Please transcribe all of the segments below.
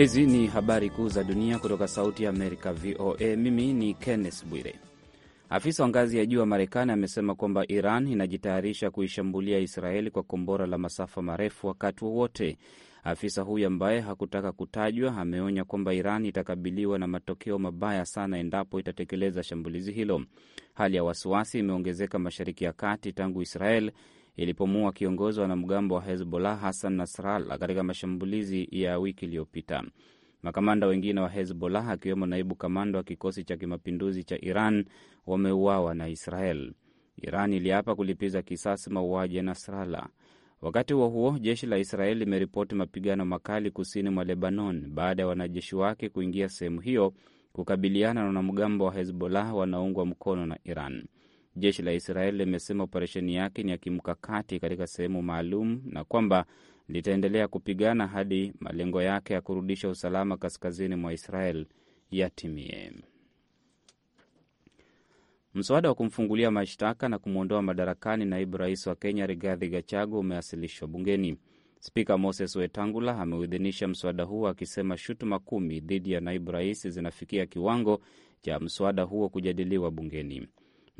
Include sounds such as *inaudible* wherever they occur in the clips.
Hizi ni habari kuu za dunia kutoka Sauti ya Amerika, VOA. Mimi ni Kenneth Bwire. Afisa wa ngazi ya juu wa Marekani amesema kwamba Iran inajitayarisha kuishambulia Israeli kwa kombora la masafa marefu wakati wowote. Afisa huyu ambaye hakutaka kutajwa ameonya kwamba Iran itakabiliwa na matokeo mabaya sana endapo itatekeleza shambulizi hilo. Hali ya wasiwasi imeongezeka Mashariki ya Kati tangu Israel ilipomua kiongozi wa wanamgambo wa Hezbollah Hassan Nasrallah katika mashambulizi ya wiki iliyopita. Makamanda wengine wa Hezbollah akiwemo naibu kamanda wa kikosi cha kimapinduzi cha Iran wameuawa na Israel. Iran iliapa kulipiza kisasi mauaji ya Nasrallah. Wakati huo huo, jeshi la Israel limeripoti mapigano makali kusini mwa Lebanon baada ya wanajeshi wake kuingia sehemu hiyo kukabiliana na wanamgambo wa Hezbollah wanaungwa mkono na Iran. Jeshi la israel limesema operesheni yake ni ya kimkakati katika sehemu maalum na kwamba litaendelea kupigana hadi malengo yake ya kurudisha usalama kaskazini mwa Israel yatimie. Mswada wa kumfungulia mashtaka na kumwondoa madarakani naibu rais wa Kenya Rigathi Gachagua umewasilishwa bungeni. Spika Moses Wetangula ameuidhinisha mswada huo akisema shutuma kumi dhidi ya naibu rais zinafikia kiwango cha mswada huo kujadiliwa bungeni.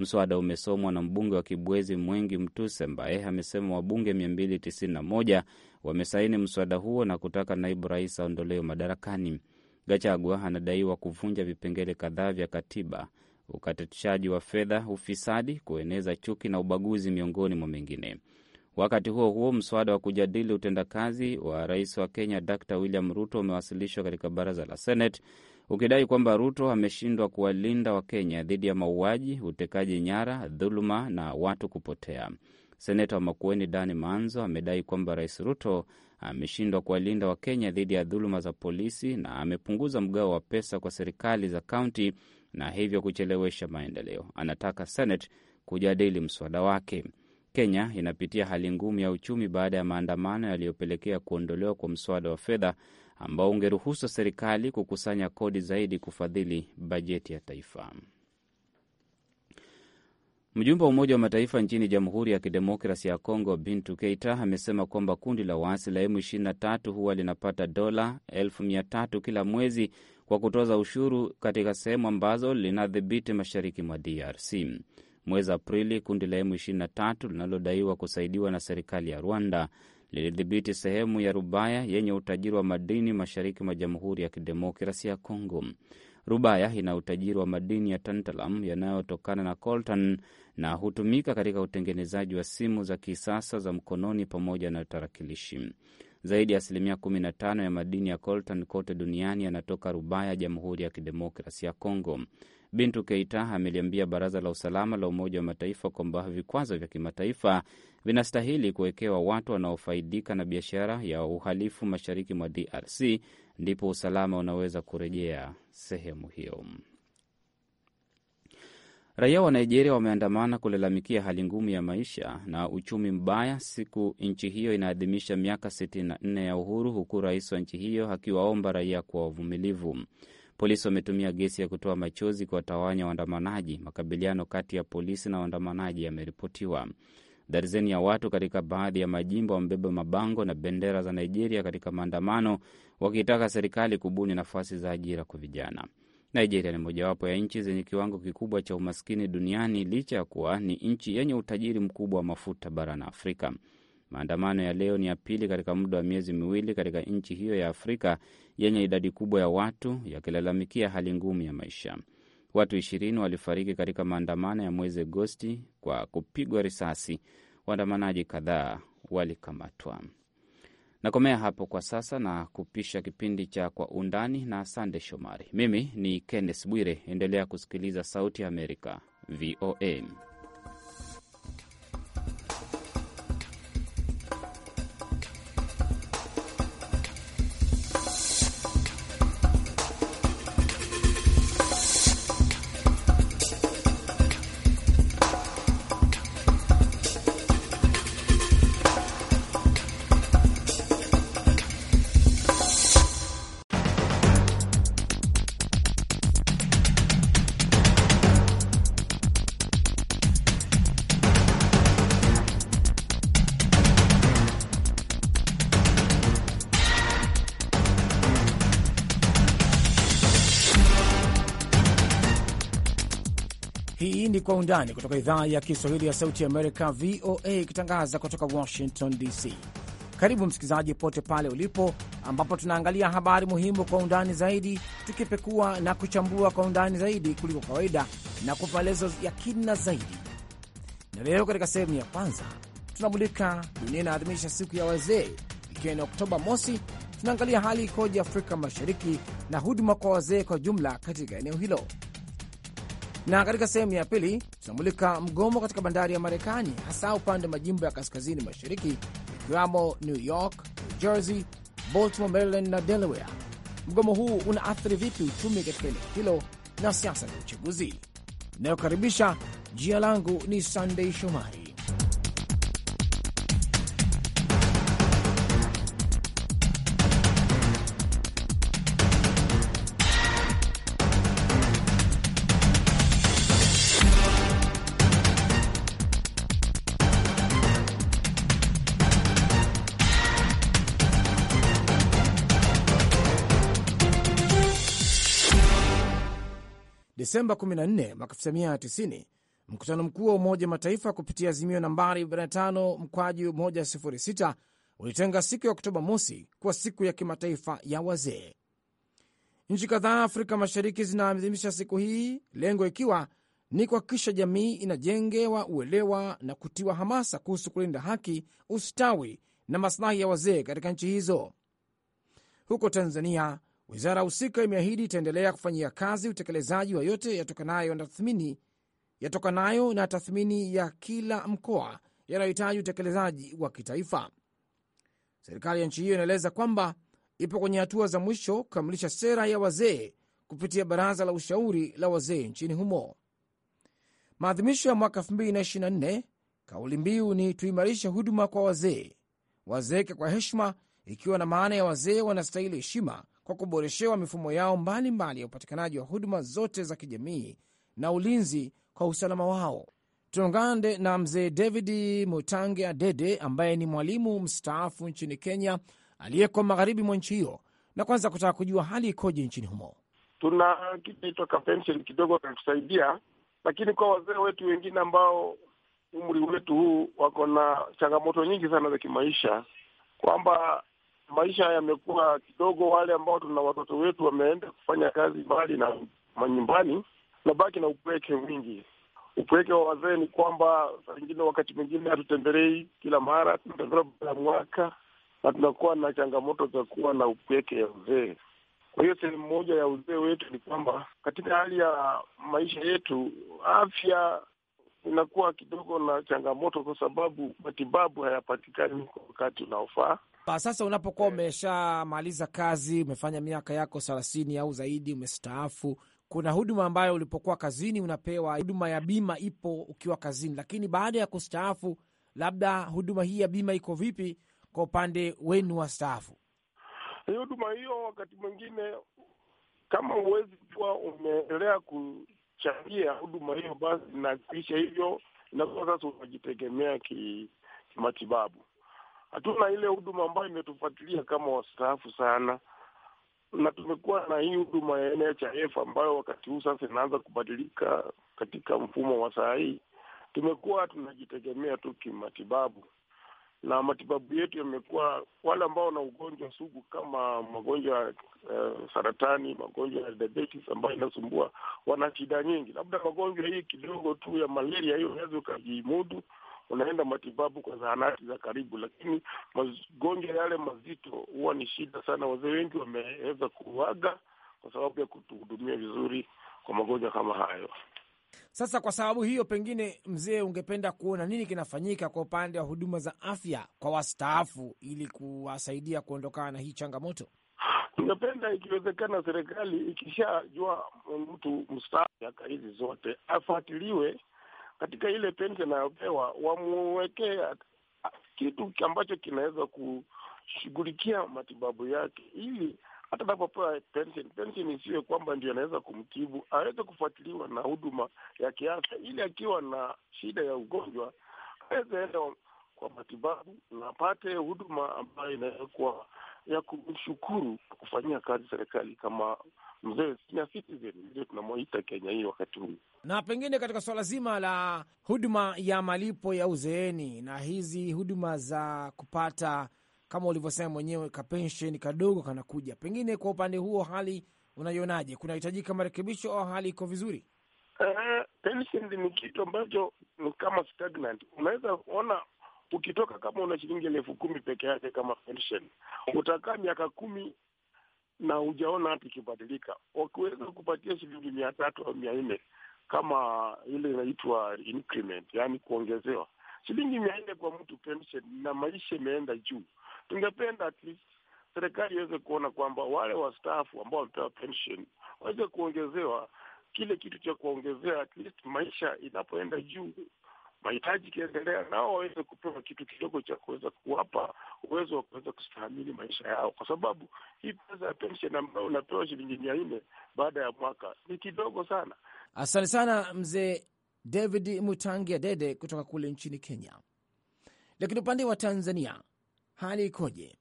Mswada umesomwa na mbunge wa Kibwezi Mwengi Mtuse ambaye amesema wabunge 291 wamesaini mswada huo na kutaka naibu rais aondolewe madarakani. Gachagua anadaiwa kuvunja vipengele kadhaa vya katiba, ukatishaji wa fedha, ufisadi, kueneza chuki na ubaguzi, miongoni mwa mengine. Wakati huo huo, mswada wa kujadili utendakazi wa rais wa Kenya Dr William Ruto umewasilishwa katika baraza la Senate ukidai kwamba Ruto ameshindwa kuwalinda Wakenya dhidi ya mauaji, utekaji nyara, dhuluma na watu kupotea. Seneta wa Makueni Dani Maanzo amedai kwamba Rais Ruto ameshindwa kuwalinda Wakenya dhidi ya dhuluma za polisi na amepunguza mgao wa pesa kwa serikali za kaunti na hivyo kuchelewesha maendeleo. Anataka Senate kujadili mswada wake. Kenya inapitia hali ngumu ya uchumi baada ya maandamano yaliyopelekea kuondolewa kwa mswada wa fedha ambao ungeruhusu serikali kukusanya kodi zaidi kufadhili bajeti ya taifa. Mjumbe wa Umoja wa Mataifa nchini Jamhuri ya Kidemokrasi ya Kongo, Bintu Keita, amesema kwamba kundi la waasi la M23 huwa linapata dola elfu mia tatu kila mwezi kwa kutoza ushuru katika sehemu ambazo linadhibiti mashariki mwa DRC. Mwezi Aprili, kundi la M23 linalodaiwa kusaidiwa na serikali ya Rwanda lilidhibiti sehemu ya Rubaya yenye utajiri wa madini mashariki mwa Jamhuri ya Kidemokrasia ya Kongo. Rubaya ina utajiri wa madini ya tantalam yanayotokana na coltan na hutumika katika utengenezaji wa simu za kisasa za mkononi pamoja na tarakilishi. Zaidi ya asilimia 15 ya madini ya coltan kote duniani yanatoka Rubaya, Jamhuri ya Kidemokrasia ya Kongo. Bintu Keita ameliambia Baraza la Usalama la Umoja wa Mataifa kwamba vikwazo vya kimataifa vinastahili kuwekewa watu wanaofaidika na biashara ya uhalifu mashariki mwa DRC, ndipo usalama unaweza kurejea sehemu hiyo. Raia wa Nigeria wameandamana kulalamikia hali ngumu ya maisha na uchumi mbaya, siku nchi hiyo inaadhimisha miaka 64 ya uhuru, huku rais wa nchi hiyo akiwaomba raia kuwa wavumilivu. Polisi wametumia gesi ya kutoa machozi kuwatawanya waandamanaji. Makabiliano kati ya polisi na waandamanaji yameripotiwa. Darzeni ya watu katika baadhi ya majimbo wamebeba mabango na bendera za Nigeria katika maandamano, wakitaka serikali kubuni nafasi za ajira kwa vijana. Nigeria ni mojawapo ya nchi zenye kiwango kikubwa cha umaskini duniani licha ya kuwa ni nchi yenye utajiri mkubwa wa mafuta barani Afrika. Maandamano ya leo ni ya pili katika muda wa miezi miwili katika nchi hiyo ya Afrika yenye idadi kubwa ya watu, yakilalamikia hali ngumu ya maisha. Watu ishirini walifariki katika maandamano ya mwezi Agosti kwa kupigwa risasi. Waandamanaji kadhaa walikamatwa. Nakomea hapo kwa sasa na kupisha kipindi cha Kwa Undani na Sande Shomari. Mimi ni kennes Bwire, endelea kusikiliza Sauti ya Amerika, VOA. ni Kwa Undani kutoka idhaa ya Kiswahili ya Sauti Amerika, VOA, ikitangaza kutoka Washington DC. Karibu msikilizaji, pote pale ulipo, ambapo tunaangalia habari muhimu kwa undani zaidi, tukipekua na kuchambua kwa undani zaidi kuliko kawaida na kupa maelezo ya kina zaidi. Na leo katika sehemu ya kwanza tunamulika dunia inaadhimisha siku ya wazee, ikiwa ni Oktoba mosi. Tunaangalia hali ikoje Afrika Mashariki na huduma kwa wazee kwa jumla katika eneo hilo. Na katika sehemu ya pili tunamulika mgomo katika bandari ya Marekani, hasa upande wa majimbo ya kaskazini mashariki ikiwamo New York, New Jersey, Baltimore, Maryland na Delaware. Mgomo huu unaathiri vipi uchumi katika eneo hilo na siasa za uchaguzi inayokaribisha? Jina langu ni Sandei Shomari. Desemba 14 mwaka 1990 mkutano mkuu wa Umoja wa Mataifa kupitia azimio nambari 45 mkwaju 106 ulitenga siku ya Oktoba mosi kuwa siku ya kimataifa ya wazee. Nchi kadhaa Afrika Mashariki zinaadhimisha siku hii, lengo ikiwa ni kuhakikisha jamii inajengewa uelewa na kutiwa hamasa kuhusu kulinda haki, ustawi na maslahi ya wazee katika nchi hizo. Huko Tanzania, Wizara husika imeahidi itaendelea kufanyia kazi utekelezaji wa yote yatokanayo na tathmini yatokanayo na tathmini ya kila mkoa yanayohitaji utekelezaji wa kitaifa. Serikali ya nchi hiyo inaeleza kwamba ipo kwenye hatua za mwisho kukamilisha sera ya wazee kupitia baraza la ushauri la wazee nchini humo. Maadhimisho ya mwaka 2024 kauli mbiu ni tuimarishe huduma kwa wazee, wazeeke kwa heshima, ikiwa na maana ya wazee wanastahili heshima kwa kuboreshewa mifumo yao mbalimbali mbali ya upatikanaji wa huduma zote za kijamii na ulinzi kwa usalama wao. Tunaungana na mzee David Mutange Adede ambaye ni mwalimu mstaafu nchini Kenya aliyeko magharibi mwa nchi hiyo, na kwanza kutaka kujua hali ikoje nchini humo. Tuna kitu pensheni kidogo kinatusaidia, lakini kwa wazee wetu wengine ambao umri wetu huu wako na changamoto nyingi sana za kimaisha, kwamba maisha yamekuwa kidogo, wale ambao tuna watoto wetu wameenda kufanya kazi mbali na manyumbani, tunabaki na upweke mwingi. Upweke wa wazee ni kwamba saa wakati mwingine, hatutembelei kila mara, tunatembelea baada ya mwaka, na tunakuwa na changamoto za kuwa na upweke ya uzee. Kwa hiyo sehemu moja ya uzee wetu ni kwamba katika hali ya maisha yetu, afya inakuwa kidogo na changamoto, kwa sababu matibabu hayapatikani kwa wakati unaofaa. Sasa unapokuwa eh. umeshamaliza kazi, umefanya miaka yako thelathini au zaidi, umestaafu, kuna huduma ambayo ulipokuwa kazini unapewa huduma ya bima, ipo ukiwa kazini, lakini baada ya kustaafu, labda huduma hii ya bima iko vipi kwa upande wenu wa staafu? Huduma hiyo wakati mwingine kama huwezi kuwa umeendelea changia ya huduma hiyo, basi inahakikisha hivyo inakuwa sasa unajitegemea kimatibabu. Ki hatuna ile huduma ambayo imetufuatilia kama wastaafu sana, na tumekuwa na hii huduma ya NHIF ambayo wakati huu sasa inaanza kubadilika katika mfumo wa saa hii. Tumekuwa tunajitegemea tu kimatibabu na matibabu yetu yamekuwa wale ambao na ugonjwa sugu kama magonjwa ya uh, saratani, magonjwa ya diabetes ambayo inasumbua, wana shida nyingi. Labda magonjwa hii kidogo tu ya malaria hiyo unaweza ukajimudu, unaenda matibabu kwa zahanati za karibu, lakini magonjwa yale mazito huwa ni shida sana. Wazee wengi wameweza kuaga kwa sababu ya kutuhudumia vizuri kwa magonjwa kama hayo. Sasa kwa sababu hiyo, pengine mzee, ungependa kuona nini kinafanyika kwa upande wa huduma za afya kwa wastaafu ili kuwasaidia kuondokana na hii changamoto? ingependa ikiwezekana, serikali ikishajua mtu mstaafu miaka hizi zote afuatiliwe katika ile pensheni anayopewa, wamwekee kitu ambacho kinaweza kushughulikia matibabu yake ili hata anapopewa pensheni, pensheni isiwe kwamba ndio anaweza kumtibu, aweze kufuatiliwa na huduma ya kiafya, ili akiwa na shida ya ugonjwa aweze enda kwa matibabu na apate huduma ambayo inaweza kuwa ya kumshukuru kufanyia kazi serikali kama mzee senior citizen, ndio tunamwita Kenya hii wakati huu. Na pengine katika suala zima la huduma ya malipo ya uzeeni na hizi huduma za kupata kama ulivyosema mwenyewe, kapensheni kadogo kanakuja. Pengine kwa upande huo, hali unaionaje? Kunahitajika marekebisho au hali iko vizuri? Uh, eh, pensheni ni kitu ambacho ni kama stagnant. Unaweza ona ukitoka kama una shilingi elfu kumi peke yake kama pensheni, utakaa miaka kumi na hujaona hata ikibadilika. Wakiweza kupatia shilingi mia tatu au mia nne kama ile inaitwa increment, yaani kuongezewa shilingi mia nne kwa mtu pension, na maisha imeenda juu. Tungependa at least serikali iweze kuona kwamba wale wastaafu ambao wamepewa pension waweze kuongezewa kile kitu cha kuongezea, at least maisha inapoenda juu, mahitaji ikiendelea, nao waweze kupewa kitu kidogo cha kuweza kuwapa uwezo wa kuweza kustahimili maisha yao, kwa sababu hii pesa ya pension ambayo unapewa shilingi mia nne baada ya mwaka ni kidogo sana. Asante sana mzee David mutangi Dede kutoka kule nchini Kenya. Lakini upande wa Tanzania hali ikoje?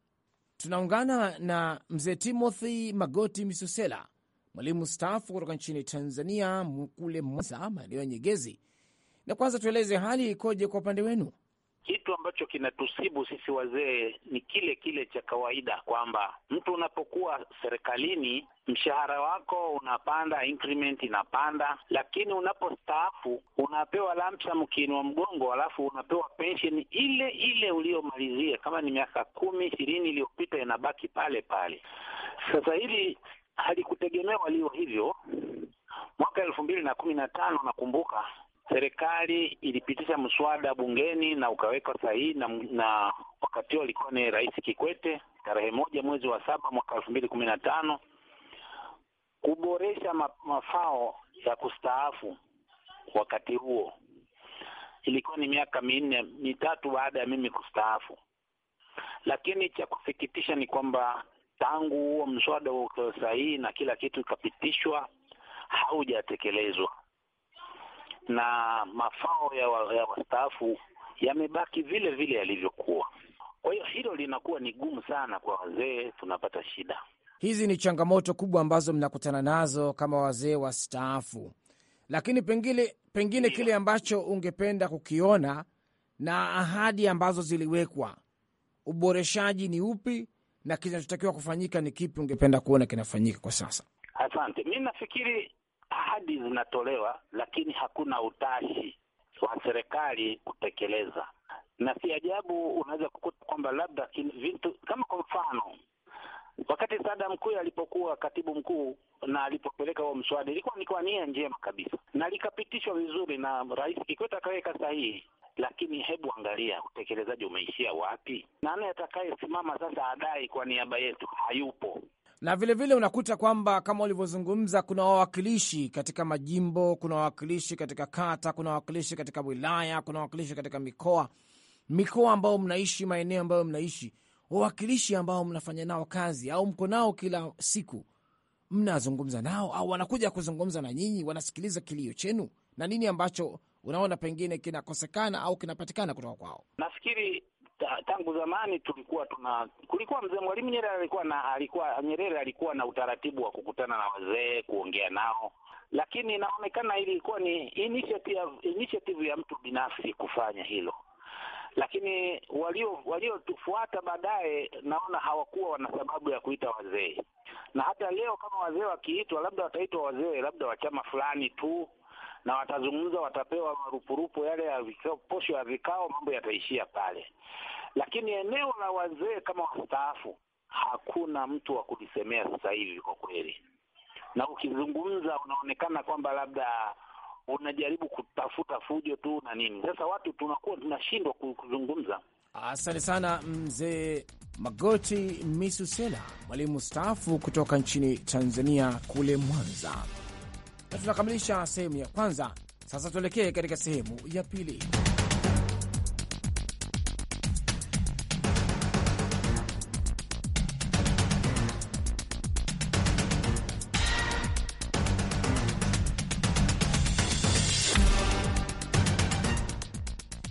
Tunaungana na mzee Timothy Magoti Misusela, mwalimu staafu kutoka nchini Tanzania, kule Mwanza, maeneo ya Nyegezi. Na kwanza tueleze hali ikoje kwa upande wenu? kitu ambacho kinatusibu sisi wazee ni kile kile cha kawaida, kwamba mtu unapokuwa serikalini mshahara wako unapanda, increment inapanda, lakini unapostaafu unapewa lamsa kiinua mgongo, alafu unapewa pension ile ile uliyomalizia, kama ni miaka kumi ishirini iliyopita inabaki pale pale. Sasa hili halikutegemewa liyo hivyo. Mwaka elfu mbili na kumi na tano nakumbuka serikali ilipitisha mswada bungeni na ukawekwa sahihi na, na wakati huo alikuwa ni Rais Kikwete tarehe moja mwezi wa saba mwaka elfu mbili kumi na tano kuboresha mafao ya kustaafu. Wakati huo ilikuwa ni miaka minne mitatu baada ya mimi kustaafu, lakini cha kusikitisha ni kwamba tangu huo mswada ukiwa sahihi na kila kitu ikapitishwa haujatekelezwa na mafao ya, wa, ya wastaafu yamebaki vile vile yalivyokuwa. Kwa hiyo hilo linakuwa ni gumu sana kwa wazee, tunapata shida. Hizi ni changamoto kubwa ambazo mnakutana nazo kama wazee wastaafu, lakini pengine pengine yeah, kile ambacho ungependa kukiona na ahadi ambazo ziliwekwa, uboreshaji ni upi na kinachotakiwa kufanyika ni kipi? Ungependa kuona kinafanyika kwa sasa? Asante. Mi nafikiri ahadi zinatolewa, lakini hakuna utashi wa serikali kutekeleza, na si ajabu unaweza kukuta kwamba labda vitu kama kwa mfano wakati Saddam Kuya alipokuwa katibu mkuu na alipopeleka huo mswada, ilikuwa ni kwa nia njema kabisa na likapitishwa vizuri na Rais Kikwete akaweka sahihi, lakini hebu angalia utekelezaji umeishia wapi? Na nani atakayesimama sasa adai kwa niaba yetu? Hayupo na vilevile vile unakuta kwamba kama ulivyozungumza, kuna wawakilishi katika majimbo, kuna wawakilishi katika kata, kuna wawakilishi katika wilaya, kuna wawakilishi katika mikoa, mikoa ambayo mnaishi, maeneo ambayo mnaishi, wawakilishi ambao mnafanya nao kazi au mko nao kila siku, mnazungumza nao au wanakuja kuzungumza na nyinyi, wanasikiliza kilio chenu na nini ambacho unaona pengine kinakosekana au kinapatikana kutoka kwao? Nafikiri Ah, tangu zamani tulikuwa tuna kulikuwa mzee Mwalimu Nyerere alikuwa na alikuwa Nyerere alikuwa na utaratibu wa kukutana na wazee kuongea nao, lakini inaonekana ilikuwa ni initiative, initiative ya mtu binafsi kufanya hilo, lakini walio waliotufuata baadaye naona hawakuwa wana sababu ya kuita wazee, na hata leo kama wazee wakiitwa, labda wataitwa wazee labda wa chama fulani tu na watazungumza, watapewa marupurupu yale ya vikao, posho ya vikao, mambo yataishia pale lakini eneo la wazee kama wastaafu hakuna mtu wa kulisemea sasa hivi kwa kweli, na ukizungumza unaonekana kwamba labda unajaribu kutafuta fujo tu na nini. Sasa watu tunakuwa tunashindwa kuzungumza. Asante sana mzee Magoti Misusela, mwalimu mstaafu kutoka nchini Tanzania kule Mwanza. Na tunakamilisha sehemu ya kwanza. Sasa tuelekee katika sehemu ya pili.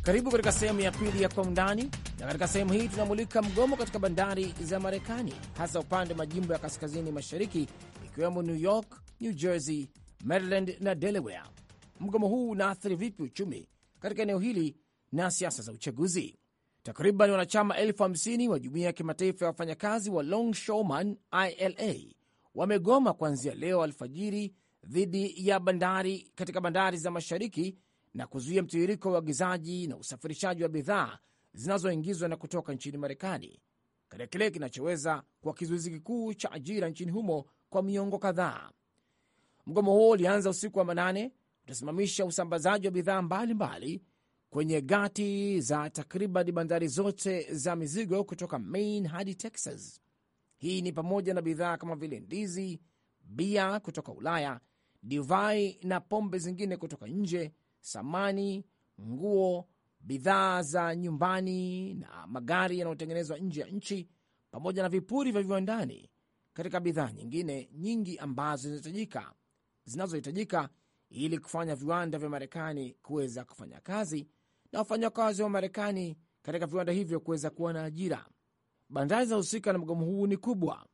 Karibu katika sehemu ya pili ya kwa undani, na katika sehemu hii tunamulika mgomo katika bandari za Marekani, hasa upande wa majimbo ya kaskazini mashariki, ikiwemo New York, New Jersey, Maryland na Delaware. Mgomo huu unaathiri vipi uchumi katika eneo hili na siasa za uchaguzi? Takriban wanachama elfu hamsini wa jumuiya ya kimataifa ya wafanyakazi wa showman ILA wamegoma kuanzia leo alfajiri dhidi ya bandari katika bandari za mashariki na kuzuia mtiririko wa uagizaji na usafirishaji wa bidhaa zinazoingizwa na kutoka nchini Marekani katika kile kinachoweza kuwa kizuizi kikuu cha ajira nchini humo kwa miongo kadhaa. Mgomo huo ulianza usiku wa manane, utasimamisha usambazaji wa bidhaa mbalimbali kwenye gati za takriban bandari zote za mizigo kutoka Maine hadi Texas. Hii ni pamoja na bidhaa kama vile ndizi, bia kutoka Ulaya, divai na pombe zingine kutoka nje samani, nguo, bidhaa za nyumbani na magari yanayotengenezwa nje ya nchi, pamoja na vipuri vya viwandani katika bidhaa nyingine nyingi ambazo zinahitajika zinazohitajika ili kufanya viwanda vya Marekani kuweza kufanya kazi na wafanyakazi wa Marekani katika viwanda hivyo kuweza kuwa na ajira. Bandari zinazohusika na mgomo huu ni kubwa.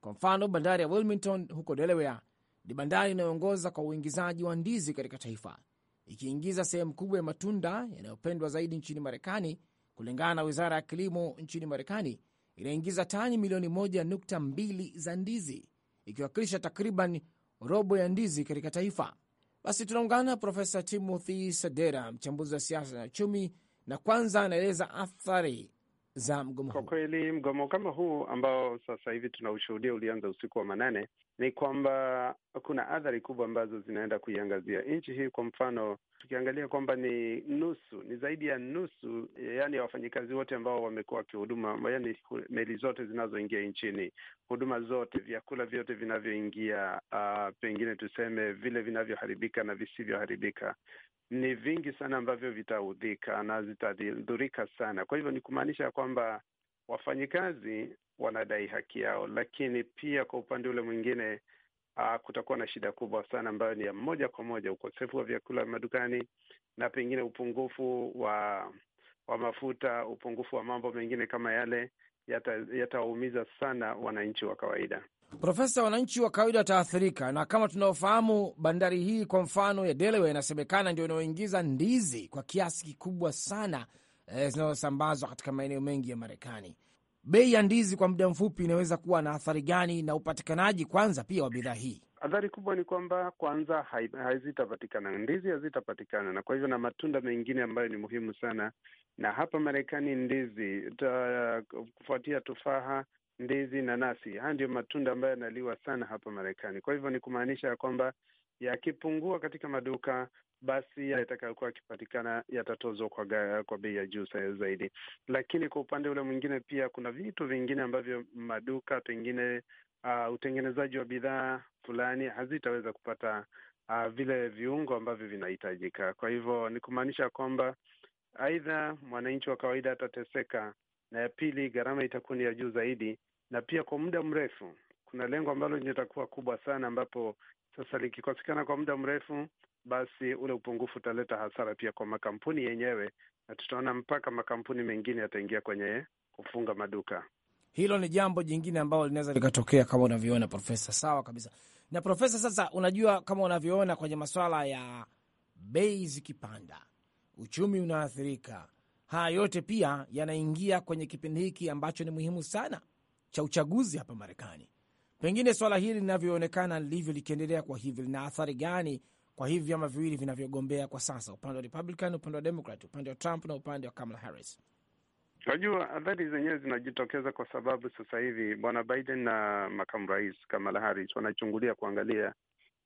Kwa mfano, bandari ya Wilmington huko Delaware ni bandari inayoongoza kwa uingizaji wa ndizi katika taifa, ikiingiza sehemu kubwa ya matunda yanayopendwa zaidi nchini Marekani. Kulingana na wizara ya kilimo nchini Marekani, inaingiza tani milioni moja nukta mbili za ndizi, ikiwakilisha takriban robo ya ndizi katika taifa. Basi tunaungana na Profesa Timothy Sadera, mchambuzi wa siasa na uchumi, na kwanza anaeleza athari za mgomo huu? Kwa kweli mgomo kama huu ambao sasa hivi tunaushuhudia ulianza usiku wa manane, ni kwamba kuna athari kubwa ambazo zinaenda kuiangazia nchi hii. Kwa mfano, tukiangalia kwamba ni nusu, ni zaidi ya nusu, yaani ya wafanyikazi wote ambao wamekuwa wakihuduma, yaani meli zote zinazoingia nchini, huduma zote, vyakula vyote vinavyoingia, uh, pengine tuseme vile vinavyoharibika na visivyoharibika, ni vingi sana ambavyo vitahudhika na zitadhurika sana. Kwa hivyo ni kumaanisha kwamba wafanyikazi wanadai haki yao, lakini pia kwa upande ule mwingine uh, kutakuwa na shida kubwa sana ambayo ni ya moja kwa moja, ukosefu wa vyakula madukani na pengine upungufu wa wa mafuta, upungufu wa mambo mengine kama yale yatawaumiza yata sana wananchi wa kawaida. Profesa, wananchi wa kawaida wataathirika, na kama tunavyofahamu, bandari hii kwa mfano ya Delaware inasemekana ndio inayoingiza ndizi kwa kiasi kikubwa sana eh, zinazosambazwa katika maeneo mengi ya Marekani. Bei ya ndizi kwa muda mfupi inaweza kuwa na athari gani, na upatikanaji kwanza pia wa bidhaa hii? Athari kubwa ni kwamba kwanza hazitapatikana hai, ndizi hazitapatikana, na kwa hivyo na matunda mengine ambayo ni muhimu sana, na hapa Marekani ndizi kufuatia tufaha ndizi, nanasi. Haya ndiyo matunda ambayo yanaliwa sana hapa Marekani. Kwa hivyo ni kumaanisha ya kwamba yakipungua katika maduka basi yale yatakayokuwa yakipatikana yatatozwa kwa kwa bei ya juu zaidi. Lakini kwa upande ule mwingine pia kuna vitu vingine ambavyo maduka pengine, uh, utengenezaji wa bidhaa fulani hazitaweza kupata uh, vile viungo ambavyo vinahitajika. Kwa hivyo ni kumaanisha kwamba aidha mwananchi wa kawaida atateseka na ya pili, gharama itakuwa ni ya juu zaidi, na pia kwa muda mrefu. Kuna lengo ambalo litakuwa kubwa sana, ambapo sasa likikosekana kwa muda mrefu, basi ule upungufu utaleta hasara pia kwa makampuni yenyewe, na tutaona mpaka makampuni mengine yataingia kwenye kufunga maduka. Hilo ni jambo jingine ambalo linaweza likatokea kama unavyoona Profesa. Sawa kabisa. Na Profesa, sasa unajua, kama unavyoona kwenye masuala ya bei zikipanda, uchumi unaathirika, Haya yote pia yanaingia kwenye kipindi hiki ambacho ni muhimu sana cha uchaguzi hapa Marekani. Pengine swala hili linavyoonekana lilivyo, likiendelea kwa hivyo, lina athari gani kwa hivi vyama viwili vinavyogombea kwa sasa, upande wa Republican, upande wa Democrat, upande wa Trump na upande wa Kamala Harris? Najua athari zenyewe zinajitokeza kwa sababu sasa hivi bwana Biden na makamu rais Kamala Harris wanachungulia kuangalia,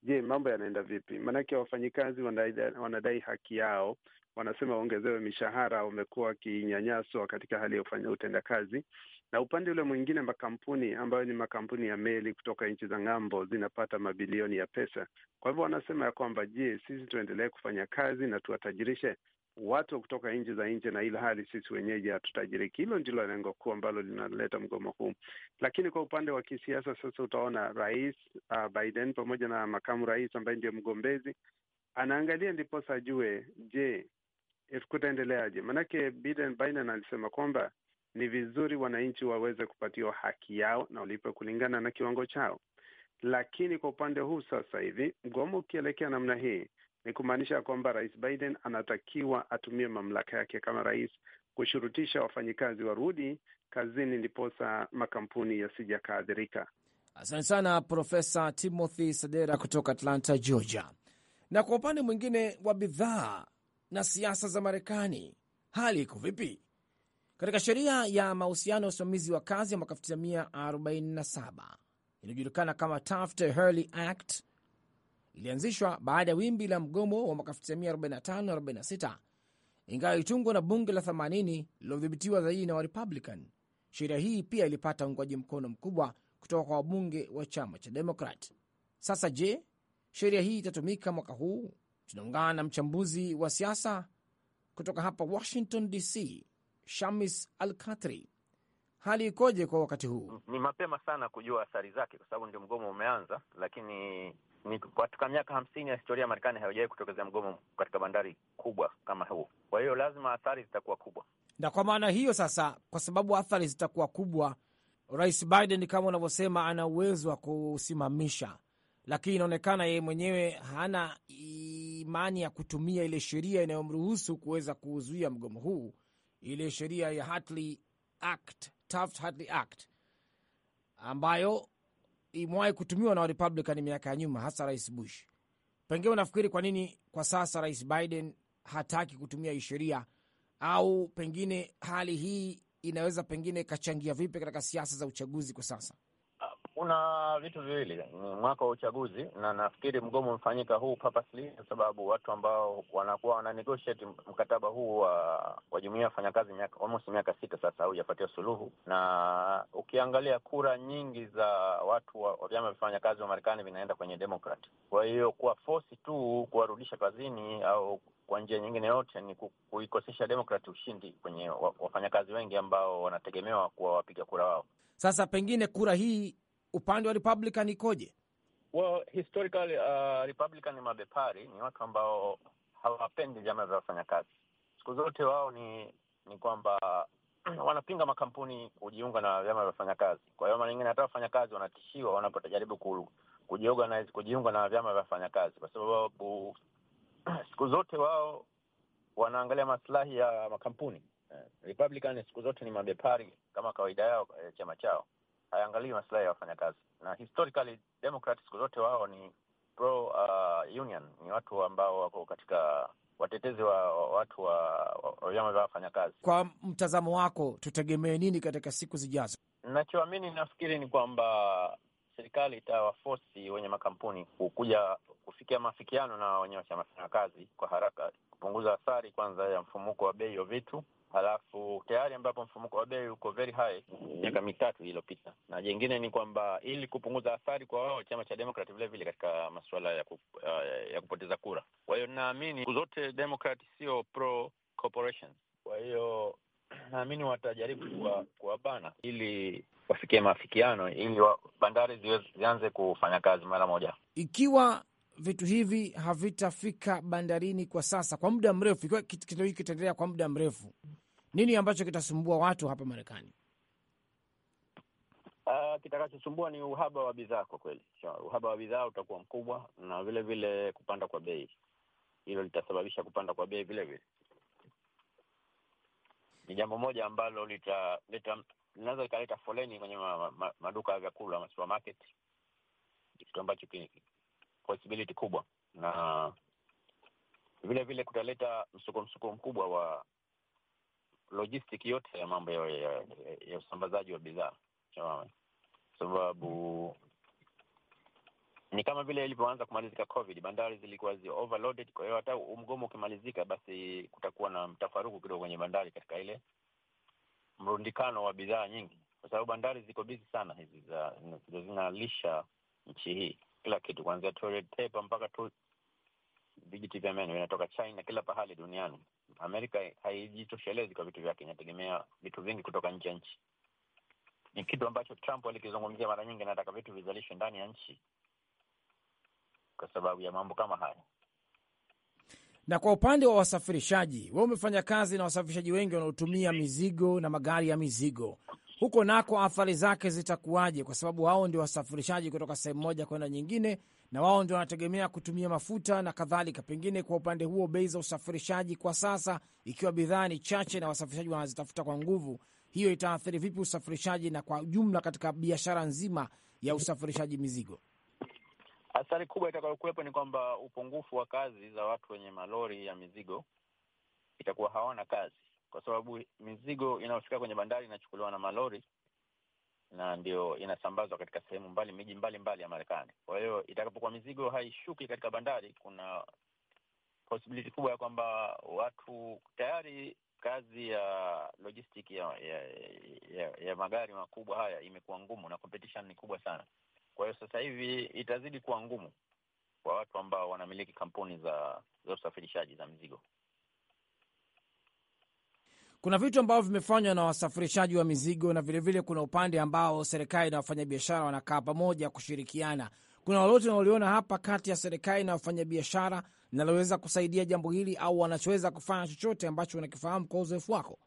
je, mambo yanaenda vipi? Maanake wafanyikazi wanadai, wanadai haki yao wanasema waongezewe mishahara, wamekuwa wakinyanyaswa katika hali ya ufanya utendakazi. Na upande ule mwingine, makampuni ambayo ni makampuni ya meli kutoka nchi za ng'ambo zinapata mabilioni ya pesa. Kwa hivyo wanasema ya kwamba je, sisi tuendelee kufanya kazi na tuwatajirishe watu kutoka nchi za nje na ila hali sisi wenyeji hatutajiriki. Hilo ndilo lengo kuu ambalo linaleta mgomo huu. Lakini kwa upande wa kisiasa sasa, utaona rais uh, Biden pamoja na makamu rais ambaye ndiyo mgombezi anaangalia, ndiposa ajue, je, kutaendeleaje? Maanake Biden, Biden alisema kwamba ni vizuri wananchi waweze kupatiwa haki yao na walipe kulingana na kiwango chao, lakini kwa upande huu sasa hivi mgomo ukielekea namna hii ni kumaanisha kwamba Rais Biden anatakiwa atumie mamlaka yake kama rais kushurutisha wafanyikazi warudi kazini, ndiposa makampuni yasijakaathirika. Asante sana Profesa Timothy Sadera kutoka Atlanta, Georgia. Na kwa upande mwingine wa bidhaa na siasa za Marekani. Hali iko vipi? Katika sheria ya mahusiano ya usimamizi wa kazi ya mwaka 1947 iliyojulikana kama Taft-Hartley Act ilianzishwa baada ya wimbi la mgomo wa mwaka 1945-46. Ingawa ilitungwa na bunge la 80 lilodhibitiwa zaidi na Warepublican, sheria hii pia ilipata uungwaji mkono mkubwa kutoka kwa wabunge wa chama cha Demokrat. Sasa je, sheria hii itatumika mwaka huu Tunaungana na mchambuzi wa siasa kutoka hapa Washington DC, Shamis Al Katri. Hali ikoje kwa wakati huu? Ni mapema sana kujua athari zake, kwa sababu ndio mgomo umeanza, lakini ni katika miaka hamsini ya historia ya Marekani haijawahi kutokezea mgomo katika bandari kubwa kama huu. Kwa hiyo lazima athari zitakuwa kubwa, na kwa maana hiyo sasa, kwa sababu athari zitakuwa kubwa, Rais Biden kama unavyosema, ana uwezo wa kusimamisha, lakini inaonekana yeye mwenyewe hana imani ya kutumia ile sheria inayomruhusu kuweza kuuzuia mgomo huu, ile sheria ya Hartley Act, Taft-Hartley Act ambayo imewahi kutumiwa na Warepublican miaka ya nyuma, hasa Rais Bush. Pengine unafikiri kwa nini kwa sasa Rais Biden hataki kutumia hii sheria, au pengine hali hii inaweza pengine ikachangia vipi katika siasa za uchaguzi kwa sasa? kuna vitu viwili. Ni mwaka wa uchaguzi, na nafikiri mgomo umefanyika huu purposely kwa sababu watu ambao wanakuwa wana negotiate mkataba huu wa wa jumuiya ya wafanyakazi almost miaka sita sasa haujapatiwa suluhu, na ukiangalia kura nyingi za watu wa vyama vya wafanyakazi wa Marekani vinaenda kwenye Democrat. Kwa hiyo kwa force tu kuwarudisha kazini au kwa njia nyingine yote ni kuikosesha Demokrat ushindi kwenye wafanyakazi wengi ambao wanategemewa kuwa wapiga kura wao. Sasa pengine kura hii upande wa Republican ikoje? Well, historically uh, Republican ni mabepari, ni watu ambao hawapendi vyama vya wafanyakazi. Siku zote wao ni ni kwamba *clears throat* wanapinga makampuni kujiunga na vyama vya wafanyakazi. Kwa hiyo mara nyingine hata wafanyakazi wanatishiwa wanapojaribu kujiorganize kujiunga na vyama vya wafanyakazi, kwa sababu *clears throat* siku zote wao wanaangalia maslahi ya makampuni. Eh, Republican siku zote ni mabepari kama kawaida yao, eh, chama chao haiangalii masilahi ya wafanyakazi, na historically Democrats siku zote wao ni pro uh, union, ni watu ambao wako katika watetezi wa, wa watu wa vyama vya wafanyakazi. Kwa mtazamo wako, tutegemee nini katika siku zijazo? Nachoamini, nafikiri ni kwamba serikali itawafosi wenye makampuni kukuja kufikia maafikiano na wenye wafanyakazi kwa haraka, kupunguza athari kwanza ya mfumuko wa bei wa vitu Halafu tayari ambapo mfumuko wa bei uko very high miaka mitatu iliyopita, na jengine ni kwamba ili kupunguza athari kwa wao chama cha Demokrat vile vile katika masuala ya, kup, uh, eh, ya kupoteza kura. Kwa hiyo naamini siku zote Demokrat sio pro corporation, kwa hiyo *clears throat* naamini watajaribu kuwabana ili wafikie maafikiano ili wa bandari zianze kufanya kazi mara moja. Ikiwa vitu hivi havitafika bandarini kwa sasa kwa muda mrefu, ikiwa kitendo hiki kitaendelea kwa muda mrefu, nini ambacho kitasumbua watu hapa Marekani? Uh, kitakachosumbua ni uhaba wa bidhaa kwa kweli. Uhaba wa bidhaa utakuwa mkubwa, na vile vile kupanda kwa bei. Hilo litasababisha kupanda kwa bei vile vile. Ni jambo moja ambalo litaleta linaweza likaleta foleni kwenye ma, ma, maduka ya vyakula, supermarket, kitu ambacho possibility kubwa, na vile vile kutaleta msuko msuko mkubwa wa logistic yote ya mambo ya, ya, ya usambazaji wa bidhaa, sababu ni kama vile ilivyoanza kumalizika COVID, bandari zilikuwa zi overloaded. Kwa hiyo hata mgomo ukimalizika, basi kutakuwa na mtafaruku kidogo kwenye bandari, katika ile mrundikano wa bidhaa nyingi, kwa sababu bandari ziko bizi sana hizi za zinalisha nchi hii kila kitu kuanzia toilet paper mpaka tu vijiti vya meno vinatoka China, kila pahali duniani. Amerika haijitoshelezi kwa vitu vyake, inategemea vitu vingi kutoka nje ya nchi. Ni kitu ambacho Trump alikizungumzia mara nyingi, anataka vitu vizalishwe ndani ya nchi kwa sababu ya mambo kama haya. Na kwa upande wa wasafirishaji, we umefanya kazi na wasafirishaji wengi wanaotumia mizigo na magari ya mizigo, huko nako athari zake zitakuwaje? Kwa sababu wao ndio wasafirishaji kutoka sehemu moja kwenda nyingine, na wao ndio wanategemea kutumia mafuta na kadhalika. Pengine kwa upande huo, bei za usafirishaji kwa sasa, ikiwa bidhaa ni chache na wasafirishaji wanazitafuta kwa nguvu, hiyo itaathiri vipi usafirishaji na kwa jumla katika biashara nzima ya usafirishaji mizigo? Athari kubwa itakayokuwepo ni kwamba upungufu wa kazi za watu wenye malori ya mizigo, itakuwa hawana kazi kwa sababu mizigo inayofika kwenye bandari inachukuliwa na malori na ndio inasambazwa katika sehemu mbali, miji mbalimbali ya Marekani. Kwa hiyo itakapokuwa mizigo haishuki katika bandari, kuna possibility kubwa ya kwamba watu tayari kazi ya logistic ya ya, ya ya magari makubwa haya imekuwa ngumu na competition ni kubwa sana. Kwa hiyo sasa hivi itazidi kuwa ngumu kwa watu ambao wanamiliki kampuni za za usafirishaji za mizigo kuna vitu ambavyo vimefanywa na wasafirishaji wa mizigo na vilevile vile kuna upande ambao serikali na wafanyabiashara wanakaa pamoja kushirikiana. Kuna lolote unaoliona hapa kati ya serikali na wafanyabiashara linaloweza kusaidia jambo hili au wanachoweza kufanya chochote ambacho unakifahamu kwa uzoefu wako?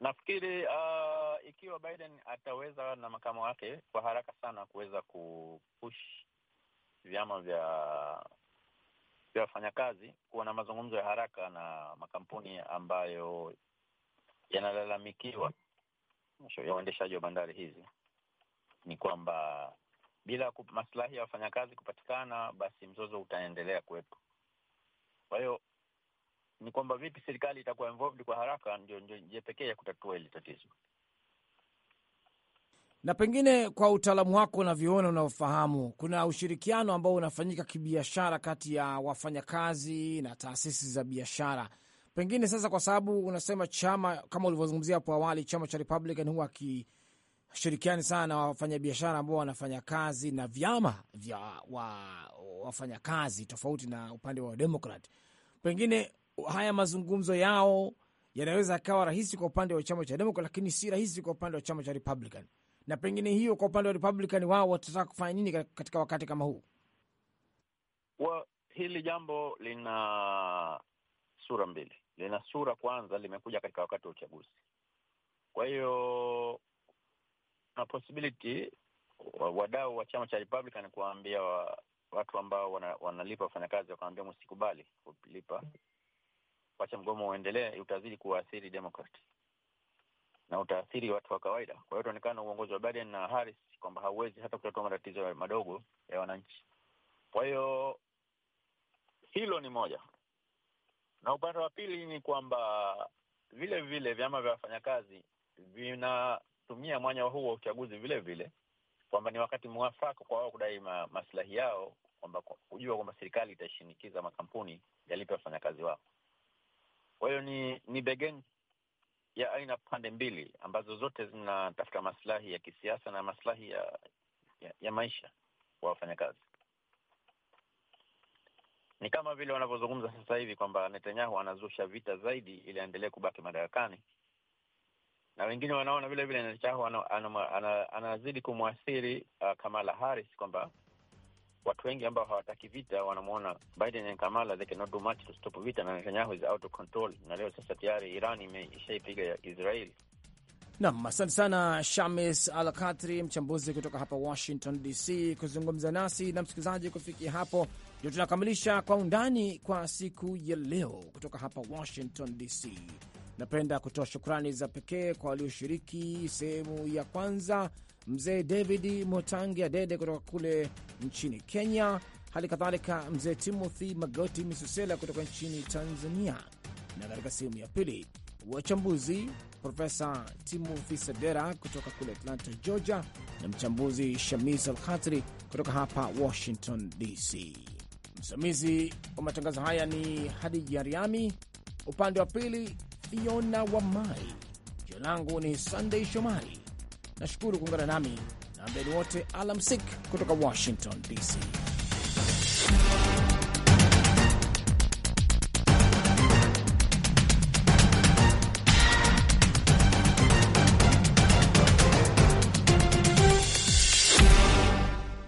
Nafikiri uh, ikiwa Biden ataweza na makamo wake kwa haraka sana kuweza kupush vyama vya ya wafanyakazi kuwa na mazungumzo ya haraka na makampuni ambayo yanalalamikiwa ya uendeshaji wa bandari hizi, ni kwamba bila maslahi ya wafanyakazi kupatikana, basi mzozo utaendelea kuwepo. Kwa hiyo ni kwamba vipi serikali itakuwa involved kwa haraka, ndio ndio njia pekee ya kutatua hili tatizo. Na pengine kwa utaalamu wako unavyoona, unaofahamu, kuna ushirikiano ambao unafanyika kibiashara kati ya wafanyakazi na taasisi za biashara. Pengine sasa, kwa sababu unasema chama kama ulivyozungumzia hapo awali, chama cha Republican huwa kishirikiani sana na wafanyabiashara ambao wanafanya kazi na vyama vya wa, wafanyakazi, tofauti na upande wa Democrat, pengine haya mazungumzo yao yanaweza yakawa rahisi kwa upande wa chama cha Democrat, lakini si rahisi kwa upande wa chama cha Republican na pengine hiyo kwa upande wa Republican wao watataka kufanya nini katika wakati kama huu? Well, hili jambo lina sura mbili. Lina sura kwanza, limekuja katika wakati wa uchaguzi, kwa hiyo na possibility wadau wa chama cha Republican kuwaambia wa, watu ambao wana, wanalipa wafanyakazi wakaambia msikubali kulipa, wacha mgomo uendelee, utazidi kuwaathiri Democrat na utaathiri watu wa kawaida. Kwa hiyo utaonekana uongozi wa Biden na Harris kwamba hauwezi hata kutatua matatizo madogo ya wananchi. Kwa hiyo hilo ni moja, na upande wa pili ni kwamba vile vile vyama vya wafanyakazi vinatumia mwanya huu wa uchaguzi vile vile kwamba ni wakati mwafaka kwa wao kudai ma, maslahi yao, kwamba kujua kwamba serikali itashinikiza makampuni yalipe wafanyakazi wao. Kwa hiyo ni ni begeni ya aina pande mbili ambazo zote zinatafuta maslahi ya kisiasa na maslahi ya, ya, ya maisha kwa wafanyakazi. Ni kama vile wanavyozungumza sasa hivi kwamba Netanyahu anazusha vita zaidi ili aendelee kubaki madarakani, na wengine wanaona vile vile Netanyahu anazidi kumwathiri uh, Kamala haris kwamba watu wengi ambao hawataki vita wanamwona Biden and Kamala, they cannot do much to stop vita, na Netanyahu is out of control, na leo sasa tayari Iran imeshaipiga Israeli. Nam, asante sana Shamis Al Katri, mchambuzi kutoka hapa Washington DC, kuzungumza nasi. Na msikilizaji, kufikia hapo ndio tunakamilisha Kwa Undani kwa siku ya leo, kutoka hapa Washington DC. Napenda kutoa shukrani za pekee kwa walioshiriki sehemu ya kwanza, mzee David Motange Adede kutoka kule nchini Kenya, hali kadhalika mzee Timothy Magoti Misusela kutoka nchini Tanzania, na katika sehemu ya pili wachambuzi Profesa Timothy Sadera kutoka kule Atlanta, Georgia, na mchambuzi Shamis Al Khatri kutoka hapa Washington DC. Msimamizi wa matangazo haya ni Hadija Riami, upande wa pili Fiona Wamai. Jina langu ni Sunday Shomari, nashukuru kuungana nami na ambeni wote. Alamsik kutoka Washington DC.